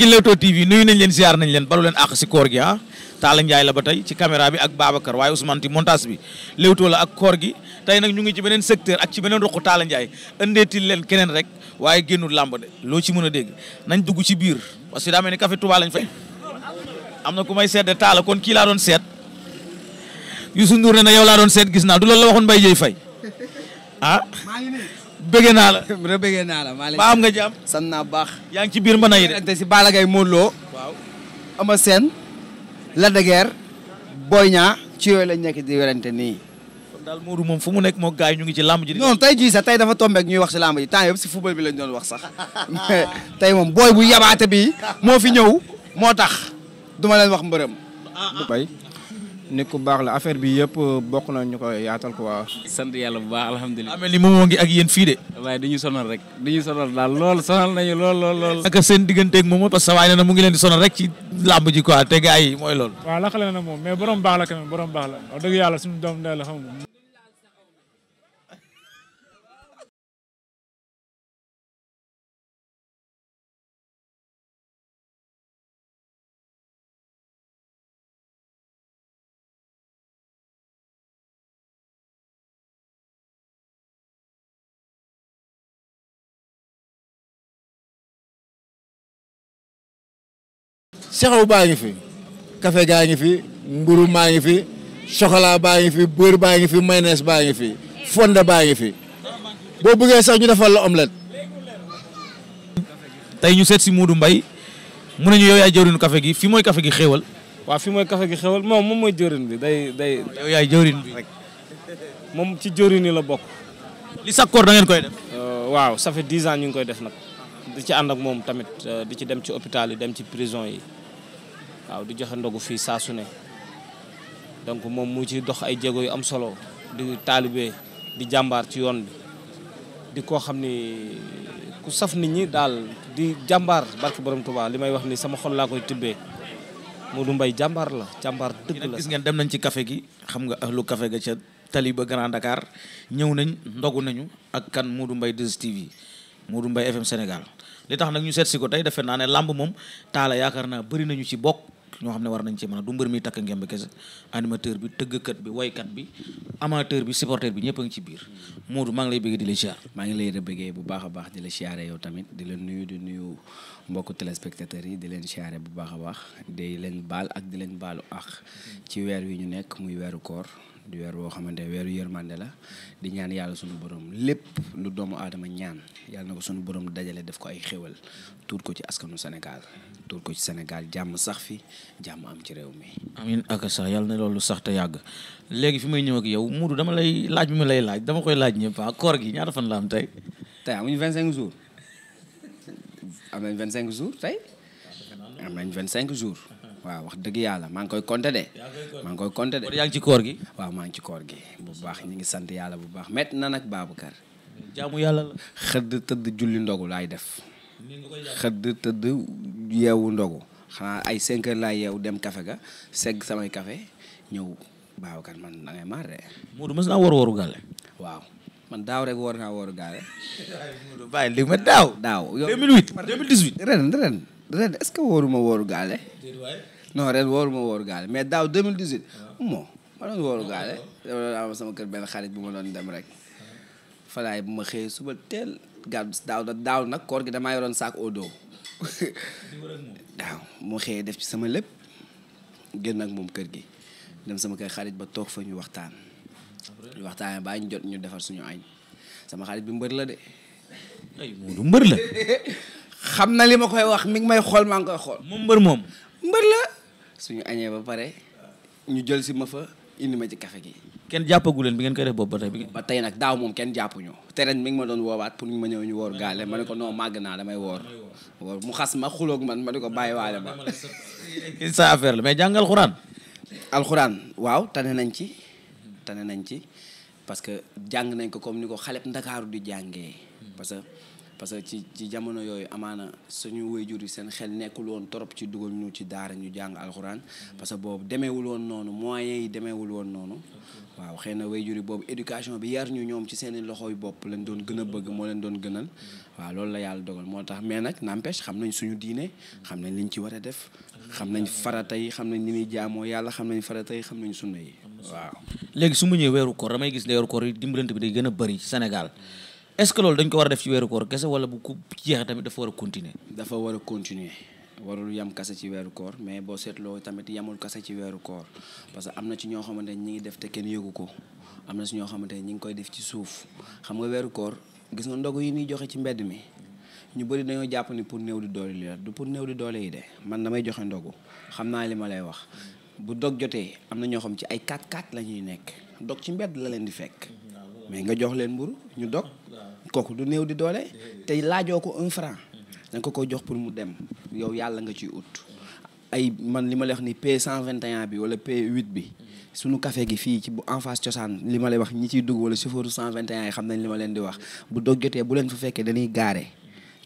mbokki Leewtoo TV nuyu nañ leen ziar nañ leen balu leen àq si koor gi ah Talla Ndiaye la ba tey ci caméra bi ak Babacar waaye Ousmane ti bi Leewtoo la ak koor gi tey nag ñu ngi ci beneen secteur ak ci beneen ruqu Talla Ndiaye ëndeetil leen keneen rek waaye génnul làmb de loo ci mën a dégg nañ dugg ci biir parce que daa mel ni café Touba lañ fay am na ku may seet de Talla kon kii laa doon seet Youssou Ndour ne na yow laa doon seet gis naa du lool la waxoon Mbaye Dieye Faye ah bëggee naa la. re bëggee naa la maa am nga jàmm. sant naa baax. yaa ngi ci biir mën a yéene. te si Balla Gaye Modou Lo. waaw Ama Sène. Lac de Guiers. ñaa Niang ci yooyu lañ di werante nii. kon daal moom fu mu nekk moo gaay ñu ngi ci làmb ji. non tey jii sax tey dafa tombé ak ñuy wax si làmb ji temps yëpp si football bi lañ doon wax sax tey moom booy bu yabaate bi moo fi ñëw moo tax duma leen wax mbërëm. Ah, ah. bay nit ku baax la affaire bi yëpp euh, bokk ñu ko yaatal quoi. sant yàlla baax alhamdulilah. amel ni moom moo ngi ak yéen fii de. waaye dañuy sonal rek dañuy sonal daal lool sonal nañu lool lool lool. seen digganteeg moom parce que sa waay na mu ngi leen di sonal rek ci làmb ji quoi te mooy loolu. waaw laxale na moom mais borom baax la quand même baax la wax dëgg yàlla doom ndey xam nga. sexaw baa ngi fi kafe gaa ngi fi mburu maa ngi fi chocolat baa ngi fi beurre baa ngi fi mayonnaise baa ngi fi fonde baa ngi fi boo buggee sax ñu defal la omelette. tey ñu seet si Modou mbay mun ne ñu yow yaay jëwriñu gi fii mooy café gi xéewal. waaw fii mooy café gi xéewal moom moom mooy jëwriñ bi day day. yow yaay jëwriñ moom ci jëwriñ yi la bokk. li sakkoor da ngeen koy def. Euh, waaw ça fait dix ñu ngi koy def nag. di ci ànd ak moom tamit euh, di ci dem ci hôpital yi dem ci prison yi. waaw di joxe ndogu fii saa su ne donc moom mu ci dox ay jéego yu am solo di taalibe di jàmbaar ci yoon bi di koo xam ni ku saf nit ñi daal di jàmbaar barki borom Tuubaa li may wax ni sama xol laa koy tibbee Modou Mbaye jàmbaar la jàmbaar dëgg la. gis ngeen dem nañ ci kafe gi xam nga ahlu kafe ga ca tali ba Grand Dakar ñëw nañ ndogu mhm. nañu ak kan Modou Mbaye 2STV Modou Mbaye FM Sénégal li tax nag ñu seet ko tey defe naa ne làmb moom taala ñoo xam ne war nañ ci mën a du mbër mi takk ngemb kese animateur bi tëgg kat bi woykat bi amateur bi supporter bi ñëpp a ci biir Modou maa ngi lay bëggee di la siyaar maa ngi lay bëggee bu baax a baax di la siyaare yow tamit di la nuyu di nuyu mbokku téléspectateurs yi di leen siyaare bu baax a baax di leen baal ak di leen baalu ak ci weer wi ñu nekk muy weeru koor di weer woo xamante ne weeru yërmande la di ñaan yàlla suñu borom lépp lu doomu aadama ñaan yàlla na ko suñu borom dajale def ko ay xéwal tuur ko ci askanu senegal tuur ko ci senegal jàmm sax fi jàmm am ci réew mi. amiin ak sax yàlla na loolu sax te yàgg léegi fi may ñëw ak yow Moodu dama lay laaj bi ma lay laaj dama koy laaj ñëpp ah gi ñaata fan la am tey. am nañ vingt cinq jours tey am nañ vingt cinq jours waaw wax dëgg yàlla maa ngi koy conté de maa ngi koy conté de yaa koor gi waaw maa ngi ci koor gi bu baax ñu ngi sant yàlla bu baax mett na nag Babacar jaamu yàlla xëdd tëdd julli ndogu laay def xëdd tëdd yeewu ndogu xanaa ay cinq heures laay yeewu dem café ga segg samay kafe ñëw Babacar man da ngay maar de mës naa war waru gàlle man daaw rek woor naa wooru gaale. bàyyi li ma daaw. daaw yow ren ren est ce que wooru ma wooru gaale. non ren wooru wooru gaale mais daaw 2018. Ah. moo ma doon wooru gaale. sama kër benn xarit bu ma doon dem rek. Ah. falaay bu ma xëyee suba teel gàddu daaw daaw nag koor gi damaa yoroon saak au dos. daaw mu xëyee def ci sama lépp. génn nag moom kër gi. dem sama kër xarit ba toog fa ñu waxtaan. waxtaanee baa ñu jot ñu defar suñu añ sama xarit bi mbër la de. ay mbër la. xam na li ma koy wax mi ngi may xool maa ngi koy xool. moom mbër moom. suñu añee ba pare ñu jël si ma fa indi ma ci café gi. kenn jàppagu leen bi ngeen koy def boobu ba tey. nag daaw moom kenn jàppuñu te ren ma doon woowaat pour ñu ma ñëw ñu woor gaale ma ne ko non màgg naa damay woor. woor mu xas ma xuloog man ma ne ko bàyyiwaale ma. sa affaire la may jàngal xuraan. alxuraan waaw tane nañ ci. tane nañ ci parce que jàng nañ ko comme ni ko xaleb ndakaaru di jàngee. Hmm. parce que parce que ci ci jamono yooyu amaana suñu waajur yi seen xel nekkul woon trop ci dugal ñu ci daara ñu jàng alxuraan. Hmm. parce que boobu demeewul woon noonu moyens yi demeewul woon noonu. waaw xëy na waajur yi boobu éducation bi yar ñu ñoom ci seeni loxoy bopp lañ doon gën a bëgg hmm. moo leen doon gënal. waaw loolu la yàlla dogal moo tax mais nag n'empêche xam nañ suñu diine xam nañ liñ ci war a def. xam nañ farata yi xam nañ ni ñuy jaamoo yàlla xam nañ farata yi xam nañ sunna yi. waaw léegi su mu ñëwee weeru koor damay gis ne weeru koor yi dimbalante bi day gën a bëri Sénégal hmm. est-ce que loolu dañ ko war a def ci weeru koor kese wala bu ku jeex tamit dafa war a continuer dafa war a continuer warul yam kase ci weeru koor mais boo seetloo tamit yamul kase ci weeru koor parce que am na ci ñoo xamante ñi ngi def te kenn yëgu ko am na si ñoo xamante ñi ngi koy def ci suuf xam nga weeru koor gis nga ndogu yi nuy joxe ci mbedd mi ñu bëri dañoo jàpp ni pour néew di doole li la du pour néew di doole yi de man damay joxe ndogu xam naa li ma lay wax bu dog jotee am na ñoo xam ci ay quat 4 la ñuy nekk dog ci mbedd la leen di fekk mais nga jox leen mburu ñu dog kooku du néew di doole te laajoo ko un franc danga ko jox pour mu dem yow yàlla nga ciy ut ay man li ma lay wax ni P121 bi wala P8 bi suñu café gi fii ci bu en cosaan li ma lay wax ñi ciy dugg wala chauffeur 121 yi xam nañ li ma leen di wax bu dog jotee bu leen fu fekkee dañuy gaare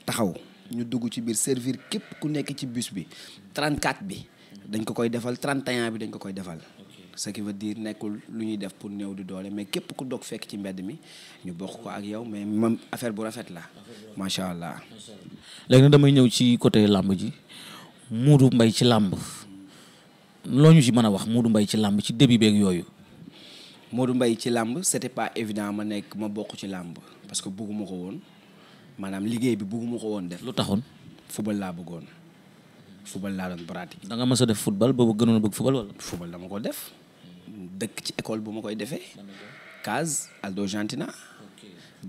taxaw ñu dugg ci biir servir képp ku nekk ci bus bi 34 bi dañ ko koy defal 31 bi dañ ko koy defal. ce qui veut dire nekkul lu ñuy def pour néew di doole mais képp ku dog fekk ci mbedd mi ñu bokk ko ak yow mais ma affaire bu rafet la macha allah. léegi nag damay ñëw ci côté làmb ji Modou mbay ci làmb loo ñu ci mën a wax Modou mbay ci làmb ci début beek yooyu. Modou mbay ci làmb c'était pas évident ma nekk ma bokk ci làmb parce que bugguma ko woon maanaam liggéey bi bugguma ko woon def. lu taxul football laa bëggoon. football laa doon pratique. da nga mës a def football boobu gënoon bëgg football wala. football dama ko def dëkk ci école bu ma koy defee. Caz Aldo Gentina.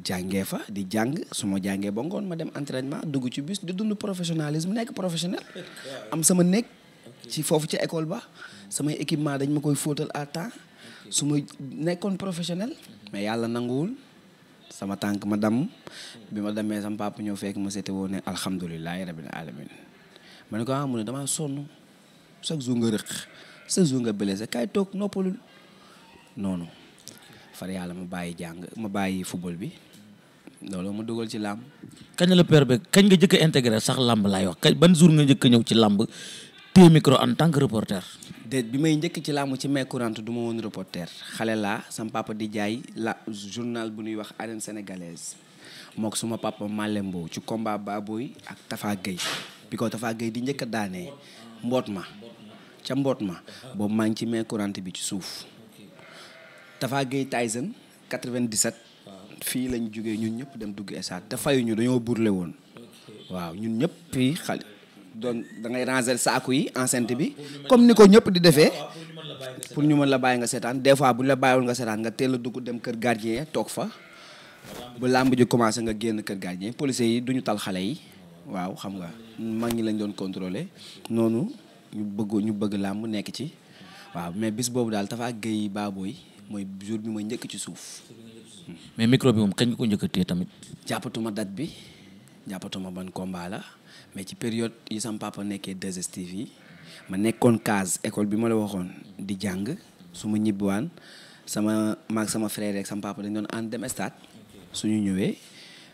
jàngee fa di jàng su ma jàngee ba ngoon ma dem entraînement dugg ci bis di dund professionnalisme nekk professionnel. am sama néeg ci foofu ci école ba. samay équipement dañ ma koy fóotal à temps su ma nekkoon professionnel. Mhm. mais yàlla nanguwul sama tànk ma damm. Mhm. bi ma demee sama papa ñëw fekk ma seete woo ne alhamdulilah rabbil alamin ma ne ko ah mu ne dama sonn chaque jour nga rëq chaque jour nga blessé kaay toog noppalul noonu far yàlla ma bàyyi jàng ma bàyyi football bi loolu ma dugal ci làmb. kañ la père kañ nga njëkk a intégré sax làmb laay wax kañ ban jour nga njëkk ñëw ci làmb téye micro en tant que reporter. déet bi may njëkk ci làmb ci mai courante du ma woon reporter xale laa sam papa di jaay la journal bu ñuy wax arène sénégalaise mook suma papa Malembo ci combat Baboy ak Tafa Gueye. bi ko Tapha di njëkk a daanee mboot ma ca mboot ma boobu maa ngi ci main courante bi ci suuf Tapha Gueye Tyson 97 fii lañ jógee ñun ñëpp dem dugg stade te fayuñu dañoo burle woon waaw ñun ñëpp fii xale doon da ngay ranger saaku yi enceinte bi comme ni ko ñëpp di defee pour ñu mën la bàyyi nga seetaan des fois bu ñu la bàyyiwul nga seetaan nga teel a dugg dem kër gardien toog fa bu làmb ji commencé nga génn kër gardien policiers yi duñu tal xale yi waaw xam nga mag ñi lañ doon contrôler noonu ñu bëgg ñu bëgg làmb nekk ci waaw mais bis boobu daal Tapha Gueye Baboye mooy jour bi ma njëkk ci suuf. mais micro bi moom kañ ko njëkk a tamit. jàppatuma date bi jàppatuma ban combat mais ci période yi sam nekkee 2 yi ma nekkoon case école bi ma la waxoon di jàng su ma ñibbiwaan sama maag sama frère rek sam dañ doon ànd dem stade suñu ñëwee.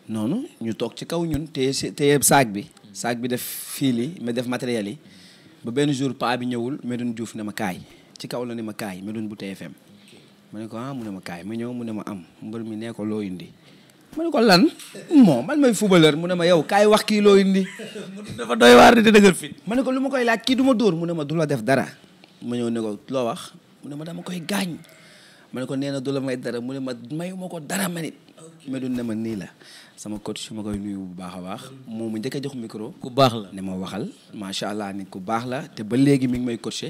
noonu ñu toog ci kaw ñun téye si téye saag bi saag bi def fii li ma def matériel yi ba benn jour pa bi ñëwul Medoune Diouf ne ma kaay ci kaw la ne ma kaay Medoune bu TFM ma ne ko ah mu ne ma kaay ma ñëw mu ne ma am mbër mi nee ko loo indi ma ne lan moo man may footballeur mu ne ma yow kaay wax kii loo indi dafa doy waar di ne ko lu ma koy laaj kii du dóor mu ne ma du la def dara ma ñëw ne ko loo wax mu ne ma dama koy gaañ ma ne ko nee na du la may dara mu ne ma mayuma ko dara manit Medoune ne ma nii la sama coach ma koy nuyu bu baax a baax moo mu njëkk a jox micro. ku baax la ne ma waxal macha allah ni ku baax la te ba léegi mi ngi may coaché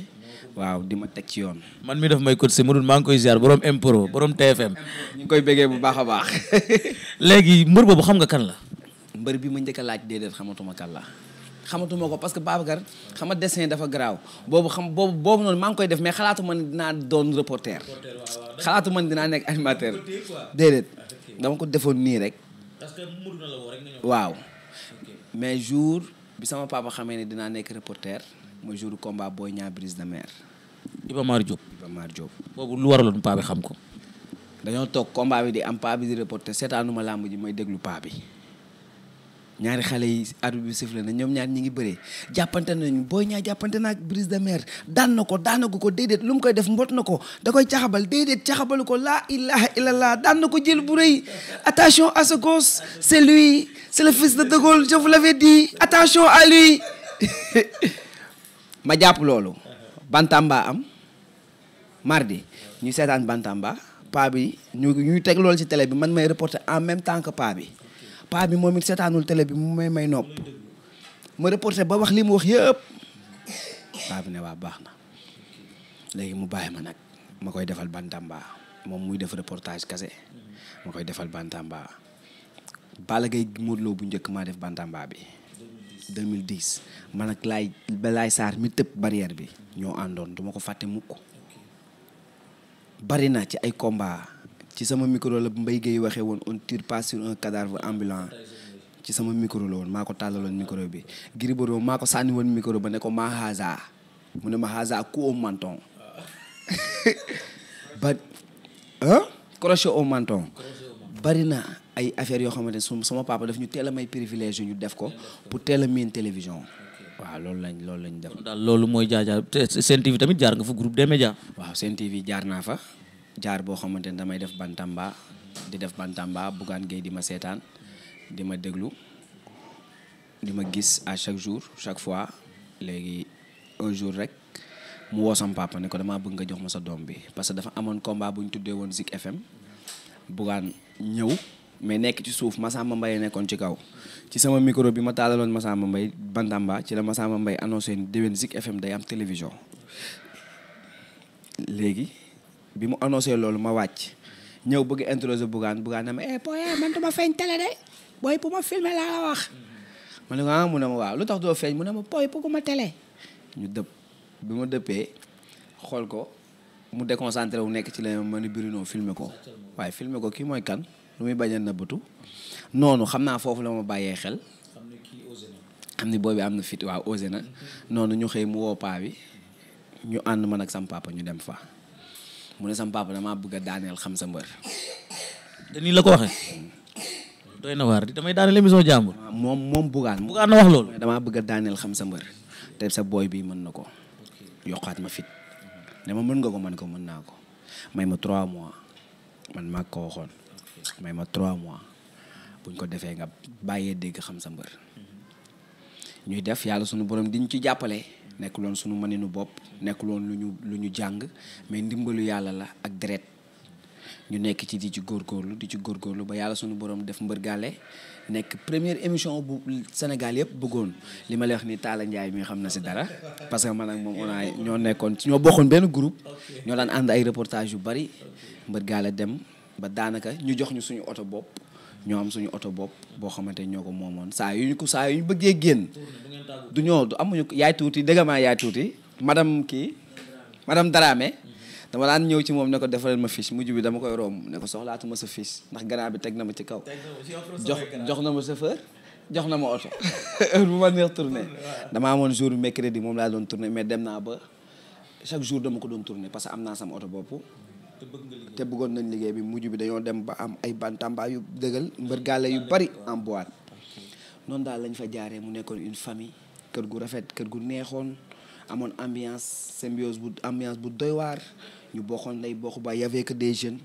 waaw di ma teg ci yoon. man mi daf may coaché Medoune maa ngi koy ziar borom impro borom TFM. ñu ngi koy bu baax a baax. léegi mbër boobu xam nga kan la. mbër bi ma njëkk a laaj déedéet xamatuma kan la. xamatuma ko parce que Babacar xam nga dessin dafa garaaw boobu xam boobu boobu noonu maa ngi koy def mais xalaatu man dinaa doon reporter xalaatu man dinaa nekk animateur déedéet dama ko defoon nii rek. waaw mais jour bi sama papa xamee ne dinaa nekk reporter mooy jour combat booy Niang Brise de Mer. Iba Mar Diop Iba Mar lu waraloon bi xam ko. dañoo toog combat bi di am paa bi di reporter seetaanuma làmb ji may déglu paa bi. ñaari xale yi arbitre bi sifflé na ñoom ñaari ñi ngi bëree jàppante nañu Boy Niang jàppante na ak Brise de Mer daan na ko daanagu ko déedéet lu mu koy def mbot na ko da koy caxabal déedéet caxabalu ko laa ilaha illallah daan na ko jël bu rëy attention à ce gosse c'est lui c'est le fils de De Gaulle je vous l'avais attention à lui ma jàpp loolu bantamba am mardi ñu seetaan bantamba paa bi ñu ñuy teg loolu ci tele bi man may reporter en même temps que paa bi paa bi moom it seetaanul tele bi mu may may nopp ma reporté ba wax li mu wax yëpp paa ne waa baax na léegi mu bàyyi ma nag ma koy defal bantamba moom muy def reportage kase ma koy defal bantamba Balla Gaye Modou Lo bu njëkk maa def bantamba bi 2010 man ak laay balaay saar mi tëb barrière bi ñoo àndoon du ma ko fàtte mukk bari na ci ay komba ci sama micro la Mbaye Guèye waxee woon on tire pas sur un cadavre ambulant ci sama micro la woon maa tàllaloon micro bi Gris Bordeaux maa sànni woon micro ba ne ko maa mu ne ma xaaza coup au menton ba na ay affaires yoo xamante ne sama papa daf ñu teel a may privilège ñu def ko pour teel a miin télévision waaw loolu lañ loolu lañ def daal loolu mooy jaar jaar seen TV tamit jaar nga fa group des médias waaw TV jaar naa fa jaar boo xamante ne damay def bantamba di def bantamba Bougane Gueye di ma seetaan di ma déglu di ma gis à chaque jour chaque fois léegi un jour rek mu woo sama papa ne ko damaa bëgg nga jox ma sa doom bi parce que dafa amoon combat bu ñu tuddee woon Zik FM Bougane ñëw mais nekk ci suuf Massamba mbayee nekkoon ci kaw ci sama micro bi ma taalaloon Massamba mbay bantamba ci la Massamba Mbaye annoncé déwén Zik FM day am télévision léegi. bi mu annoncé loolu ma wàcc ñëw bëgg introsé Bougane Bougane na ma eh booyee ah, man duma feeñ télé de booy bu ma filmer laa la wax ma ne ko ah mu ma waaw lu tax doo feeñ mu ne ma booy pour ma télé ñu dëpp bi ma dëppee xool ko mu déconcentré wu nekk ci la ma ni Bruno filmer ko waaye filmer ko kii mooy kan lu muy bañ na nëbbatu noonu xam naa foofu la ma bàyyee xel xam ni booy bi am na fit waaw osé na noonu ñu xëy mu woo paa bi ñu ànd man ak sam papa ñu dem fa mu ne sama papa damaa bëgg a daaneel xam sa mbër. te nii la ko waxee. doy na waar di damay daaneel émission jàmbur. Ah, moom moom bugaan bugaan na wax loolu. damaa bëgg a xam sa mbër te sa booy bii mën na ko. yokkaat ma fit. ne ma mën nga ko mën ko mën naa ko. may ma trois mois man maa ko waxoon. may ma trois mois buñ ko defee nga bàyyee dégg xam sa mbër. Mhm. ñuy def yàlla sunu borom diñ ci jàppale. nekkul woon suñu mëninu bopp nekkul loon lu ñu lu ñu jàng mais ndimbalu yàlla la ak deret ñu nekk ci di ci góor góorlu di ci góorgóorlu ba yàlla suñu borom def mbërgaale nekk première émission bu Sénégal yëpp bëggoon li ma lay wax ni Talla Ndiaye mi xam na si dara parce que man ak moom on a ñoo nekkoon ci ñoo bokkoon benn groupe ñoo daan ànd ay reportage yu bari mbërgaale dem ba daanaka ñu jox ñu suñu oto bopp ñoo am suñu oto bopp boo xamante ñoo ko moomoon saa yu ñu ko saa yu ñu bëggee génn du ñoo du amuñu yaay tuuti dëgg maa yaay tuuti madame kii madame Dramé dama daan ñëw ci moom ne ko defaral ma fiche mujj bi dama koy romb ne ko soxlaatuma sa fiche ndax grand bi teg na ma ci kaw jox jox na ma chauffeur jox na ma oto heure bu ma neex tourné damaa amoon jour mercredi moom laa doon tourné mais dem naa ba chaque jour dama ko doon tourné parce que am naa sama oto bopp te bëggoon nañ liggéey bi mujj bi dañoo dem ba am ay bantamba yu dëgal mbër gaale yu bari en boîte noonu daal lañ fa jaaree mu nekkoon une famille kër gu rafet kër gu neexoon amoon ambiance sembiose bu ambiance bu doy waar ñu bokkoon lay bokk ba y avait que des jeunes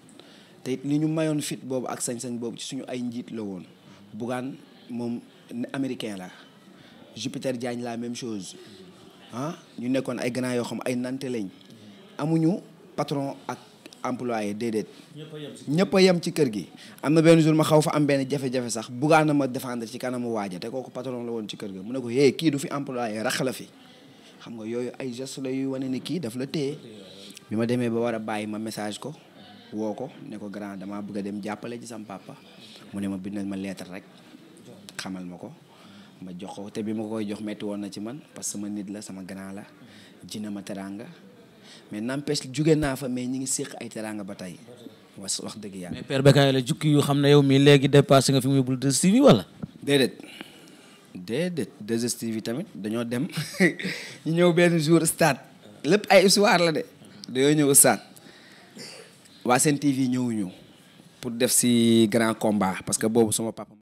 te it ñu mayoon fit boobu ak sañ-sañ boobu ci suñu ay njiit la woon Bougane moom américain la Jupiter Diagne la même chose ah ñu nekkoon ay gannaaw yoo xam ay nante lañ amuñu patron ak employé déedéet ñëpp a yem ci kër gi am na benn jour ma xaw fa am benn jafe-jafe sax bugaan na ma défendre ci kanamu waaja te kooku patron la woon ci kër ga mu ne ko hey kii du fi employé rax la fi xam nga yooyu ay gestes la yuy wane ni kii daf la téye bi ma demee ba war a bàyyi ma message ko woo ko ne ko grand damaa bëgg a dem jàppale ci sam papa mu ne ma bindal ma lettre rek xamal ma ko ma jox ko te bi ma koy jox metti woon na ci man parce que sama nit la sama grand la jina ma teranga mais n'empêche jóge naa fa mais ñi ngi séq ay teraanga ba tey wax wax dëgg yàlla. mais Père Bécaye la jukki yu xam ne yow mii léegi dépassé nga fi muy bul 2STV wala. déedéet déedéet tamit dañoo dem ñu ñëw benn jour stade lépp ay histoire la de dañoo ñëw stade waa seen TV ñëwuñu pour def si grand combat parce que boobu sama papa.